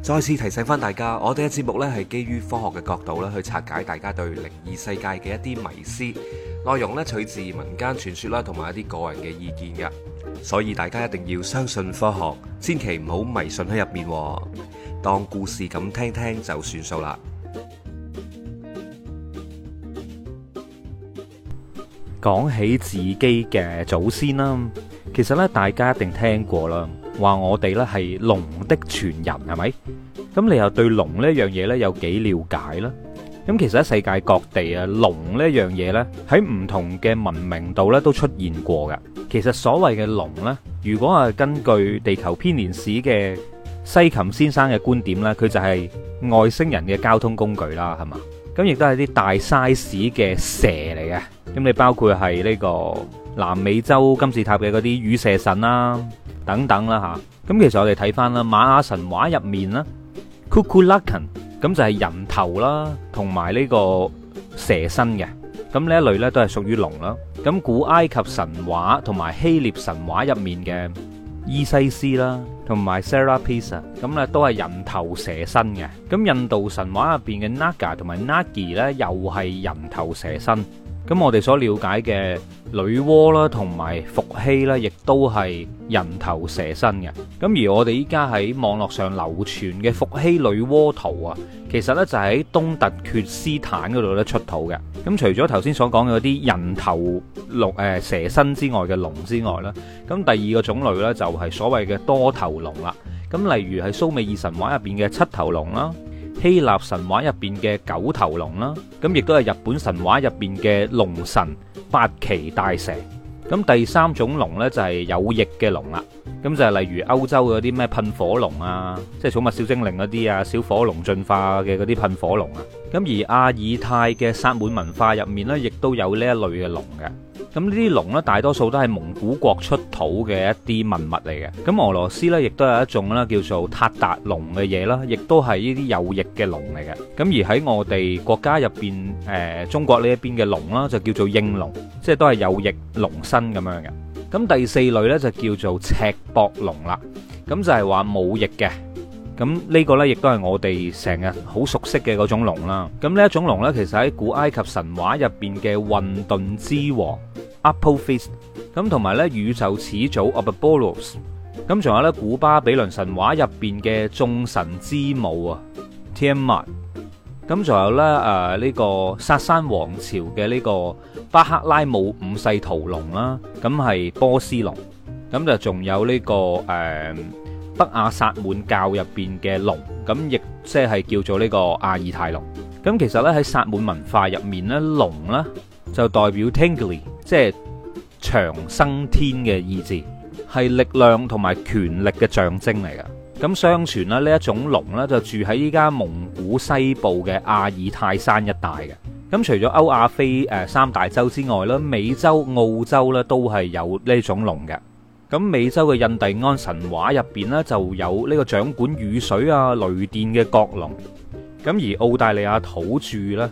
再次提醒返大家，我哋嘅節目呢係基於科學嘅角度啦，去拆解大家對靈異世界嘅一啲迷思。內容呢取自民間傳說啦，同埋一啲個人嘅意見嘅，所以大家一定要相信科學，千祈唔好迷信喺入面，當故事咁聽聽就算數啦。講起自己嘅祖先啦，其實呢大家一定聽過啦。話我哋咧係龍的傳人係咪？咁你又對龍呢一樣嘢咧有幾瞭解咧？咁其實喺世界各地啊，龍呢一樣嘢咧喺唔同嘅文明度咧都出現過嘅。其實所謂嘅龍咧，如果係根據地球編年史嘅西琴先生嘅觀點咧，佢就係外星人嘅交通工具啦，係嘛？咁亦都係啲大 size 嘅蛇嚟嘅。咁你包括係呢個南美洲金字塔嘅嗰啲羽蛇神啦。等等啦嚇，咁其實我哋睇翻啦，瑪雅神話入面啦，Kukulkan 咁就係人頭啦，同埋呢個蛇身嘅，咁呢一類咧都係屬於龍啦。咁古埃及神話同埋希臘神話入面嘅伊西斯啦，同埋 Serapis 啊，咁咧都係人頭蛇身嘅。咁印度神話入邊嘅 Naga 同埋 Nagi 咧，又係人頭蛇身。咁我哋所了解嘅女媧啦，同埋伏羲啦，亦都係人頭蛇身嘅。咁而我哋依家喺網絡上流傳嘅伏羲女媧圖啊，其實呢就喺東突厥斯坦嗰度呢出土嘅。咁除咗頭先所講嘅嗰啲人頭龍誒蛇身之外嘅龍之外呢，咁第二個種類呢，就係所謂嘅多頭龍啦。咁例如喺蘇美爾神話入邊嘅七頭龍啦。希臘神話入邊嘅九頭龍啦，咁亦都係日本神話入邊嘅龍神八岐大蛇。咁第三種龍呢，就係有翼嘅龍啦，咁就係例如歐洲嗰啲咩噴火龍啊，即係寵物小精靈嗰啲啊，小火龍進化嘅嗰啲噴火龍啊。咁而阿爾泰嘅薩滿文化入面呢，亦都有呢一類嘅龍嘅。咁呢啲龍呢，大多數都係蒙古國出土嘅一啲文物嚟嘅。咁俄羅斯呢，亦都有一種啦，叫做塔達龍嘅嘢啦，亦都係呢啲有翼嘅龍嚟嘅。咁而喺我哋國家入邊，誒、呃、中國呢一邊嘅龍啦，就叫做應龍，即係都係有翼龍身咁樣嘅。咁第四類呢，就叫做赤膊龍啦，咁就係話冇翼嘅。咁呢個呢，亦都係我哋成日好熟悉嘅嗰種龍啦。咁呢一種龍呢，其實喺古埃及神話入邊嘅混沌之王 Apophis，咁同埋呢宇宙始祖 Ouroboros，咁仲有呢古巴比倫神話入邊嘅眾神之母啊，Tiamat。咁仲有呢，誒呢個薩珊王朝嘅呢、這個巴克拉姆五世屠龍啦，咁、啊、係波斯龍。咁就仲有呢、這個誒。呃北亞薩滿教入邊嘅龍，咁亦即係叫做呢個亞爾泰龍。咁其實呢，喺薩滿文化入面咧，龍呢就代表 Tengri，即係長生天嘅意志，係力量同埋權力嘅象徵嚟㗎。咁相傳呢，呢一種龍呢就住喺依家蒙古西部嘅亞爾泰山一帶嘅。咁除咗歐亞非誒三大洲之外咧，美洲、澳洲呢都係有呢種龍嘅。咁美洲嘅印第安神話入邊呢，就有呢個掌管雨水啊、雷電嘅角龍。咁而澳大利亞土著呢，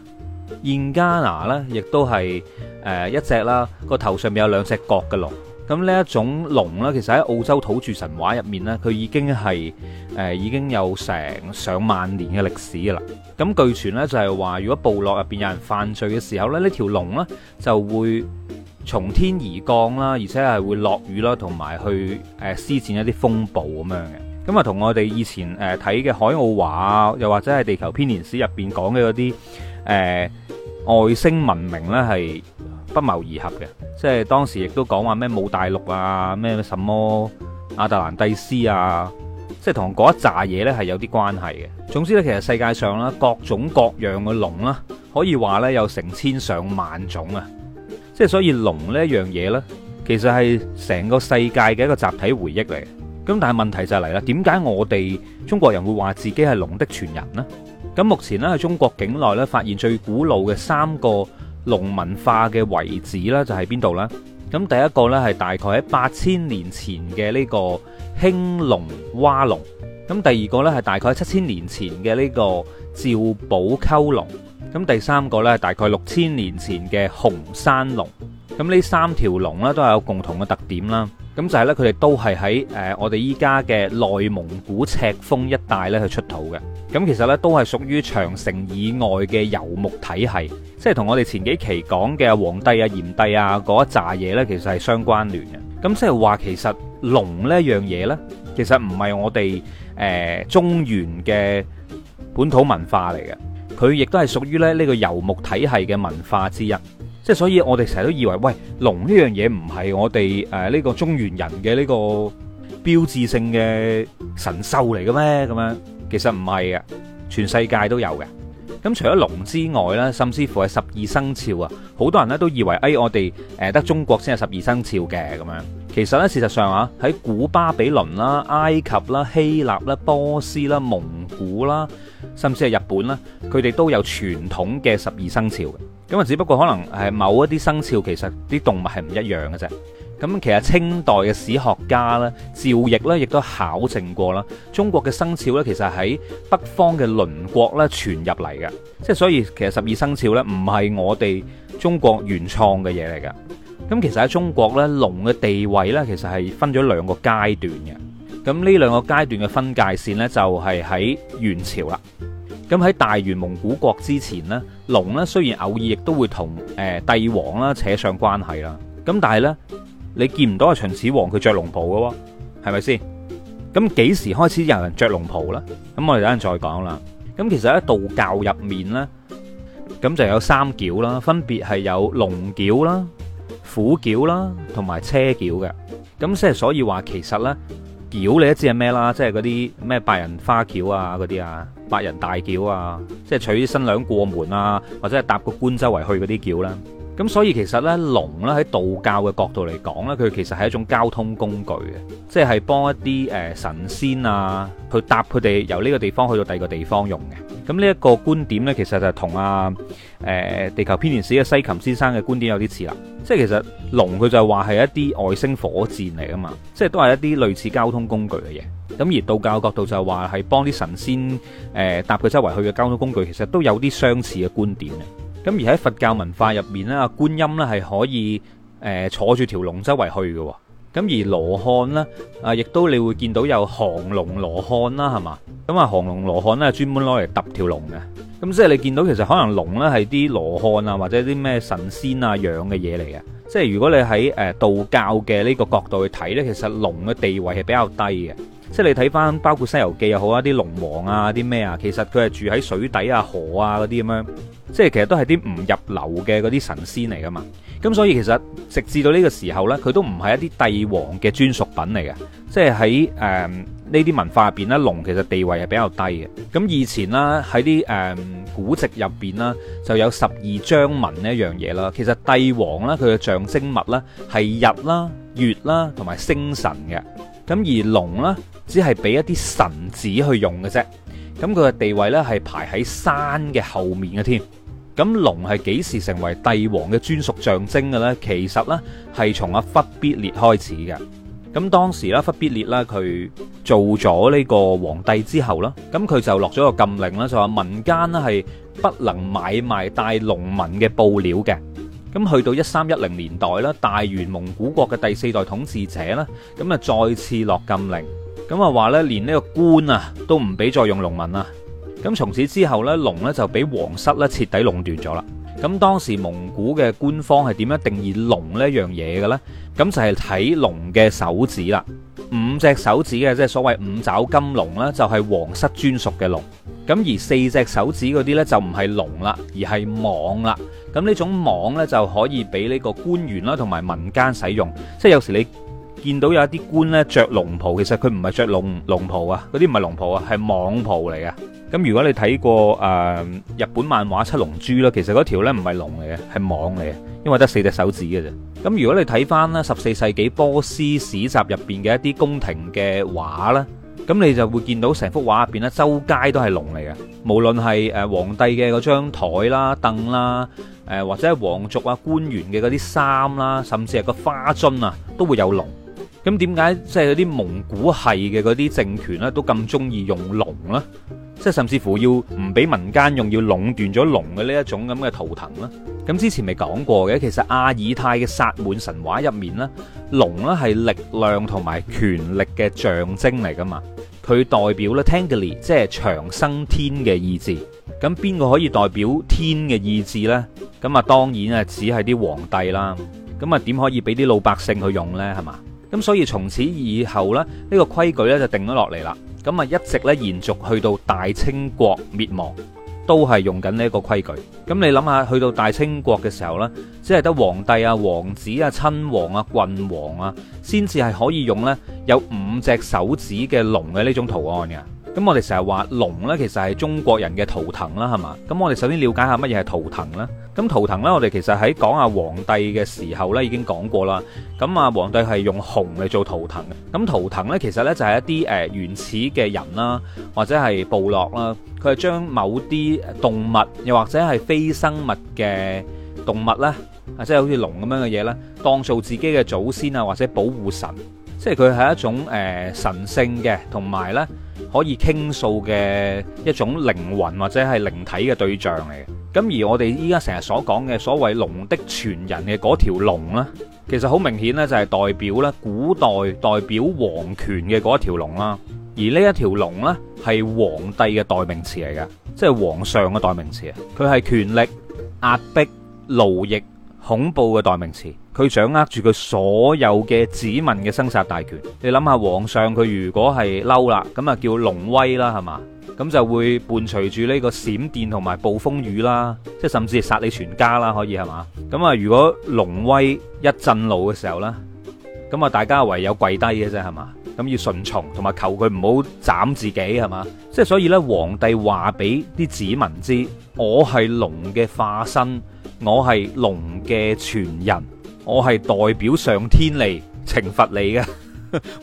燕加拿呢，亦都係誒一隻啦，個頭上面有兩隻角嘅龍。咁、嗯、呢一種龍呢，其實喺澳洲土著神話入面呢，佢已經係誒、呃、已經有成上萬年嘅歷史㗎喇。咁、嗯、據傳呢，就係、是、話如果部落入邊有人犯罪嘅時候咧，呢條龍呢就會，從天而降啦，而且係會落雨啦，同埋去誒施展一啲風暴咁樣嘅。咁啊，同我哋以前誒睇嘅海奧華，又或者係地球編年史入邊講嘅嗰啲誒外星文明呢，係不謀而合嘅。即係當時亦都講話咩冇大陸啊，咩什,什麼亞特蘭蒂斯啊，即係同嗰一紮嘢呢係有啲關係嘅。總之呢，其實世界上啦各種各樣嘅龍啦，可以話呢有成千上萬種啊。即係所以龍呢一樣嘢呢，其實係成個世界嘅一個集體回憶嚟。咁但係問題就嚟、是、啦，點解我哋中國人會話自己係龍的傳人呢？咁目前呢，喺中國境內呢，發現最古老嘅三個龍文化嘅遺址呢，就喺邊度呢？咁第一個呢，係大概喺八千年前嘅呢個興隆窪龍。咁第二個呢，係大概七千年前嘅呢個趙寶溝龍。咁第三個呢，大概六千年前嘅紅山龍，咁呢三條龍呢都係有共同嘅特點啦。咁就係呢，佢哋都係喺誒我哋依家嘅內蒙古赤峰一帶呢去出土嘅。咁其實呢都係屬於長城以外嘅遊牧體系，即係同我哋前幾期講嘅黃帝啊、炎帝啊嗰一紮嘢呢，其實係相關聯嘅。咁即係話其實龍呢樣嘢呢，其實唔係我哋誒中原嘅本土文化嚟嘅。佢亦都係屬於咧呢個遊牧體系嘅文化之一，即係所以我哋成日都以為，喂，龍呢樣嘢唔係我哋誒呢個中原人嘅呢個標誌性嘅神獸嚟嘅咩？咁樣其實唔係嘅，全世界都有嘅。咁除咗龍之外呢，甚至乎係十二生肖啊，好多人呢都以為，哎，我哋誒得中國先有十二生肖嘅咁樣。其實咧，事實上啊，喺古巴比倫啦、埃及啦、希臘啦、波斯啦、蒙古啦，甚至係日本咧，佢哋都有傳統嘅十二生肖嘅。咁啊，只不過可能係某一啲生，生肖其實啲動物係唔一樣嘅啫。咁其實清代嘅史學家咧，趙翼咧，亦都考證過啦，中國嘅生肖咧，其實喺北方嘅鄰國咧傳入嚟嘅。即係所以，其實十二生肖咧唔係我哋中國原創嘅嘢嚟㗎。咁其實喺中國呢，龍嘅地位呢，其實係分咗兩個階段嘅。咁呢兩個階段嘅分界線呢，就係喺元朝啦。咁喺大元蒙古國之前呢，龍呢，雖然偶爾亦都會同誒帝王啦扯上關係啦，咁但係呢，你見唔到阿秦始皇佢着龍袍嘅喎，係咪先？咁幾時開始有人着龍袍呢？咁我哋等陣再講啦。咁其實喺道教入面呢，咁就有三絞啦，分別係有龍絞啦。虎轎啦，同埋車轎嘅。咁即係所以話其實呢轎，你都知係咩啦，即係嗰啲咩八人花轎啊，嗰啲啊，八人大轎啊，即係娶新娘過門啊，或者係搭個官周圍去嗰啲轎啦。咁所以其實呢，龍呢喺道教嘅角度嚟講呢，佢其實係一種交通工具嘅，即係幫一啲誒、呃、神仙啊，去搭佢哋由呢個地方去到第二個地方用嘅。咁呢一個觀點呢，其實就同啊誒、呃、地球編年史嘅西琴先生嘅觀點有啲似啦。即係其實龍佢就話係一啲外星火箭嚟噶嘛，即係都係一啲類似交通工具嘅嘢。咁而道教角度就係話係幫啲神仙誒、呃、搭佢周圍去嘅交通工具，其實都有啲相似嘅觀點嘅。咁而喺佛教文化入面咧，觀音咧係可以誒、呃、坐住條龍周圍去嘅。咁而羅漢咧，啊亦都你會見到有降龍羅漢啦，係嘛？咁啊降龍羅漢咧，專門攞嚟揼條龍嘅。咁、嗯、即係你見到其實可能龍咧係啲羅漢啊或者啲咩神仙啊樣嘅嘢嚟嘅。即係如果你喺誒、呃、道教嘅呢個角度去睇咧，其實龍嘅地位係比較低嘅。即係你睇返包括西遊《西遊記》又好啊，啲龍王啊，啲咩啊，其實佢係住喺水底啊、河啊嗰啲咁樣，即係其實都係啲唔入流嘅嗰啲神仙嚟㗎嘛。咁所以其實直至到呢個時候呢，佢都唔係一啲帝王嘅專屬品嚟嘅。即係喺誒呢啲文化入邊呢，龍其實地位係比較低嘅。咁以前啦，喺啲誒古籍入邊啦，就有十二章紋呢一樣嘢啦。其實帝王呢，佢嘅象徵物呢，係日啦、月啦同埋星辰嘅。咁而龍呢，只係俾一啲臣子去用嘅啫，咁佢嘅地位呢，係排喺山嘅後面嘅添。咁龍係幾時成為帝王嘅專屬象徵嘅呢？其實呢，係從阿忽必烈開始嘅。咁當時啦，忽必烈啦，佢做咗呢個皇帝之後啦，咁佢就落咗個禁令啦，就話民間呢係不能買賣帶龍紋嘅布料嘅。咁去到一三一零年代啦，大元蒙古國嘅第四代統治者啦，咁啊再次落禁令。咁啊，話咧連呢個官啊都唔俾再用龍紋啦。咁從此之後呢，龍呢就俾皇室咧徹底壟斷咗啦。咁當時蒙古嘅官方係點樣定義龍呢樣嘢嘅呢？咁就係睇龍嘅手指啦。五隻手指嘅即係所謂五爪金龍呢，就係皇室專屬嘅龍。咁而四隻手指嗰啲呢，就唔係龍啦，而係蟒啦。咁呢種蟒呢，就可以俾呢個官員啦同埋民間使用。即係有時你。見到有一啲官咧著龍袍，其實佢唔係着龍龍袍啊，嗰啲唔係龍袍啊，係蟒袍嚟嘅。咁如果你睇過誒、呃、日本漫畫《七龍珠》啦，其實嗰條咧唔係龍嚟嘅，係蟒嚟嘅，因為得四隻手指嘅啫。咁如果你睇翻咧十四世紀波斯史集入邊嘅一啲宮廷嘅畫啦，咁你就會見到成幅畫入邊咧周街都係龍嚟嘅，無論係誒皇帝嘅嗰張台啦、凳啦，誒、呃、或者係皇族啊、官員嘅嗰啲衫啦，甚至係個花樽啊，都會有龍。咁點解即係嗰啲蒙古系嘅嗰啲政權咧，都咁中意用龍咧？即係甚至乎要唔俾民間用，要壟斷咗龍嘅呢一種咁嘅圖騰咧。咁之前咪講過嘅，其實亞爾泰嘅薩滿神話入面咧，龍咧係力量同埋權力嘅象徵嚟噶嘛。佢代表咧 Tengri，即係長生天嘅意志。咁邊個可以代表天嘅意志呢？咁啊，當然啊，只係啲皇帝啦。咁啊，點可以俾啲老百姓去用呢？係嘛？咁所以從此以後咧，呢、這個規矩呢就定咗落嚟啦。咁啊，一直呢延續去到大清國滅亡，都係用緊呢一個規矩。咁你諗下，去到大清國嘅時候呢，只係得皇帝啊、皇子啊、親王啊、郡王啊，先至係可以用呢有五隻手指嘅龍嘅呢種圖案嘅。咁我哋成日話龍呢，其實係中國人嘅圖騰啦，係嘛？咁我哋首先了解下乜嘢係圖騰啦。咁圖騰呢，騰我哋其實喺講阿皇帝嘅時候呢已經講過啦。咁啊，皇帝係用熊嚟做圖騰嘅。咁圖騰呢，其實呢就係一啲誒原始嘅人啦，或者係部落啦，佢係將某啲動物又或者係非生物嘅動物咧，啊，即係好似龍咁樣嘅嘢咧，當做自己嘅祖先啊，或者保護神，即係佢係一種誒神聖嘅，同埋呢，可以傾訴嘅一種靈魂或者係靈體嘅對象嚟嘅，咁而我哋依家成日所講嘅所謂龍的傳人嘅嗰條龍咧，其實好明顯呢，就係代表咧，古代代表皇權嘅嗰一條龍啦，而呢一條龍咧，係皇帝嘅代名詞嚟㗎，即係皇上嘅代名詞啊，佢係權力壓迫奴役、恐怖嘅代名詞，佢掌握住佢所有嘅子民嘅生殺大權。你諗下，皇上佢如果係嬲啦，咁啊叫龍威啦，係嘛？咁就會伴隨住呢個閃電同埋暴風雨啦，即係甚至殺你全家啦，可以係嘛？咁啊，如果龍威一震怒嘅時候呢，咁啊大家唯有跪低嘅啫，係嘛？咁要順從，同埋求佢唔好斬自己，係嘛？即係所以呢，皇帝話俾啲子民知，我係龍嘅化身，我係龍嘅傳人，我係代表上天嚟懲罰你嘅，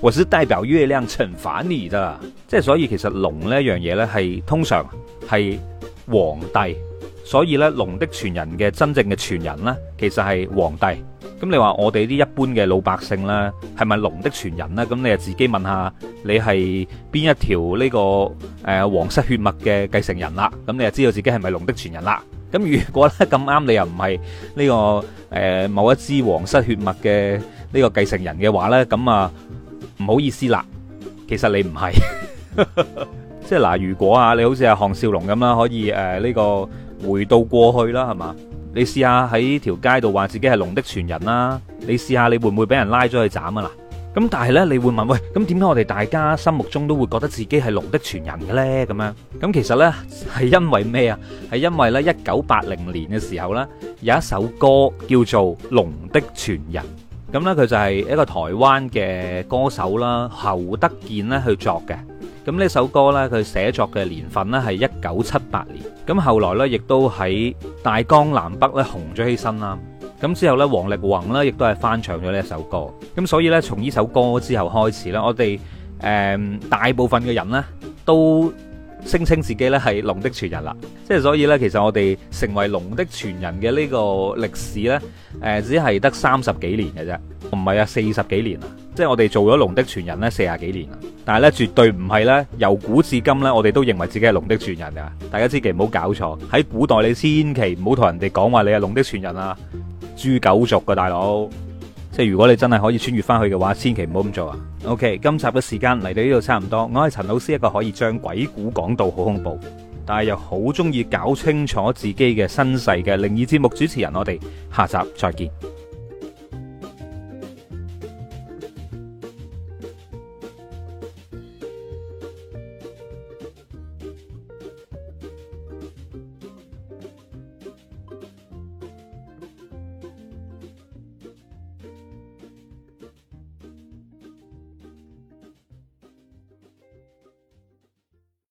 或 者代表月亮懲罰你咋。即係所以，其實龍呢一樣嘢呢，係通常係皇帝，所以呢，龍的傳人嘅真正嘅傳人呢，其實係皇帝。咁你話我哋啲一般嘅老百姓咧，係咪龍的傳人呢？咁你就自己問下你，這個，你係邊一條呢個誒皇室血脈嘅繼承人啦？咁你就知道自己係咪龍的傳人啦。咁如果咧咁啱你又唔係呢個誒、呃、某一支皇室血脈嘅呢個繼承人嘅話呢，咁啊唔好意思啦，其實你唔係， 即係嗱，如果啊你好似阿項少龍咁啦，可以誒呢、呃這個回到過去啦，係嘛？你試下喺條街度話自己係龍的傳人啦。你試下你會唔會俾人拉咗去斬啊？嗱，咁但係呢，你會問：「喂，咁點解我哋大家心目中都會覺得自己係龍的傳人嘅呢？」咁樣咁其實呢，係因為咩啊？係因為呢，一九八零年嘅時候呢，有一首歌叫做《龍的傳人》咁呢，佢、嗯、就係一個台灣嘅歌手啦，侯德健呢去作嘅。咁呢首歌呢，佢寫作嘅年份呢係一九七八年。咁後來呢，亦都喺大江南北咧紅咗起身啦。咁之後呢，王力宏呢亦都係翻唱咗呢一首歌。咁所以呢，從呢首歌之後開始呢，我哋誒、呃、大部分嘅人呢都聲稱自己呢係龍的傳人啦。即係所以呢，其實我哋成為龍的傳人嘅呢個歷史呢，誒、呃、只係得三十幾年嘅啫。唔係啊，四十幾年啊，即係我哋做咗龍的傳人呢，四十幾年啊。但係咧，絕對唔係咧。由古至今咧，我哋都認為自己係龍的傳人啊！大家千祈唔好搞錯。喺古代，你千祈唔好同人哋講話你係龍的傳人啊，豬狗族嘅大佬。即係如果你真係可以穿越翻去嘅話，千祈唔好咁做啊。OK，今集嘅時間嚟到呢度差唔多。我係陳老師一個可以將鬼故講到好恐怖，但係又好中意搞清楚自己嘅身世嘅靈異節目主持人。我哋下集再見。